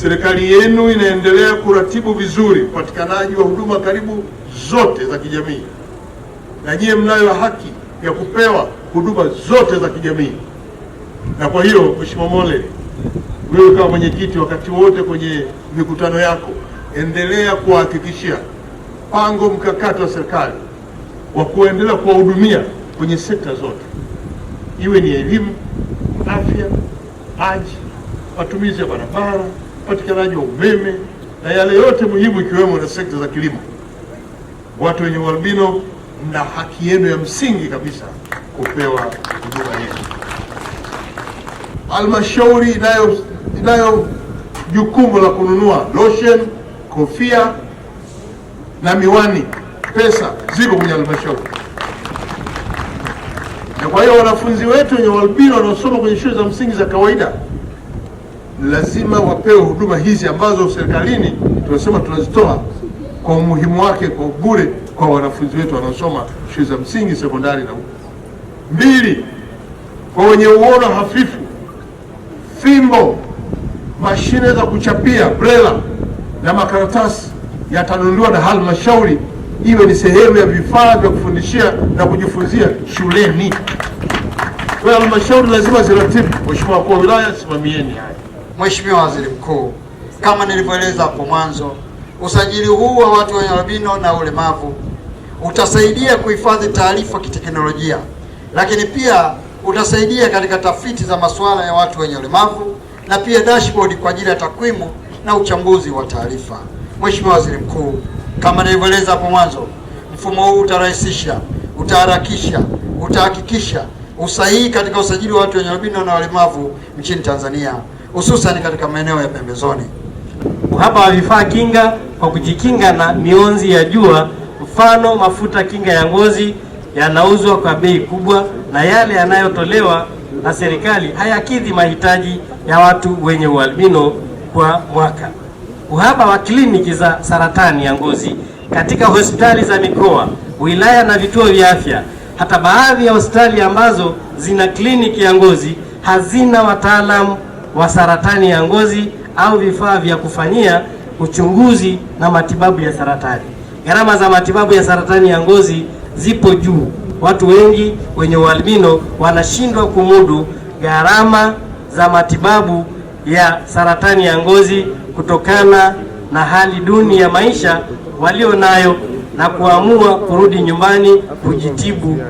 serikali yenu inaendelea kuratibu vizuri upatikanaji wa huduma karibu zote za kijamii, na nyie mnayo haki ya kupewa huduma zote za kijamii. Na kwa hiyo, Mheshimiwa Mole, wewe kama mwenyekiti, wakati wote kwenye mikutano yako endelea kuwahakikishia mpango mkakati wa serikali wa kuendelea kuwahudumia kwenye sekta zote, iwe ni elimu, afya, maji, matumizi ya barabara upatikanaji wa umeme na yale yote muhimu ikiwemo na sekta za kilimo. Watu wenye ualbino mna haki yenu ya msingi kabisa kupewa huduma hizo. Halmashauri inayo inayo jukumu la kununua lotion, kofia na miwani. Pesa ziko kwenye halmashauri, na kwa hiyo wanafunzi wetu wenye ualbino wanaosoma kwenye shule za msingi za kawaida lazima wapewe huduma hizi ambazo serikalini tunasema tunazitoa kwa umuhimu wake kwa bure kwa wanafunzi wetu wanaosoma shule za msingi, sekondari na huko. Mbili, kwa wenye uono hafifu, fimbo, mashine za kuchapia brela na makaratasi yatanunuliwa na halmashauri iwe ni sehemu ya vifaa vya kufundishia na kujifunzia shuleni. Kwa halmashauri lazima ziratibu. Mheshimiwa Mkuu wa Wilaya, simamieni haya. Mheshimiwa Waziri Mkuu, kama nilivyoeleza hapo mwanzo, usajili huu wa watu wenye albino na ulemavu utasaidia kuhifadhi taarifa kiteknolojia, lakini pia utasaidia katika tafiti za masuala ya watu wenye ulemavu na pia dashboard kwa ajili ya takwimu na uchambuzi wa taarifa. Mheshimiwa Waziri Mkuu, kama nilivyoeleza hapo mwanzo, mfumo huu utarahisisha, utaharakisha, utahakikisha usahihi katika usajili wa watu wenye albino na walemavu nchini Tanzania hususan katika maeneo ya pembezoni. Uhaba wa vifaa kinga kwa kujikinga na mionzi ya jua, mfano mafuta kinga ya ngozi yanauzwa kwa bei kubwa na yale yanayotolewa na serikali hayakidhi mahitaji ya watu wenye ualbino kwa mwaka. Uhaba wa kliniki za saratani ya ngozi katika hospitali za mikoa, wilaya na vituo vya afya. Hata baadhi ya hospitali ambazo zina kliniki ya ngozi hazina wataalamu wa saratani ya ngozi au vifaa vya kufanyia uchunguzi na matibabu ya saratani. Gharama za matibabu ya saratani ya ngozi zipo juu. Watu wengi wenye ualbino wanashindwa kumudu gharama za matibabu ya saratani ya ngozi kutokana na hali duni ya maisha walio nayo na kuamua kurudi nyumbani kujitibu.